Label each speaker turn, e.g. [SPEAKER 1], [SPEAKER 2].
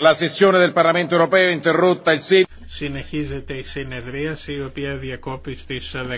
[SPEAKER 1] La
[SPEAKER 2] sessione del Parlamento Europeo interrotta il 6. Συνεχίζεται η συνεδρίαση η οποία
[SPEAKER 3] διακόπη στις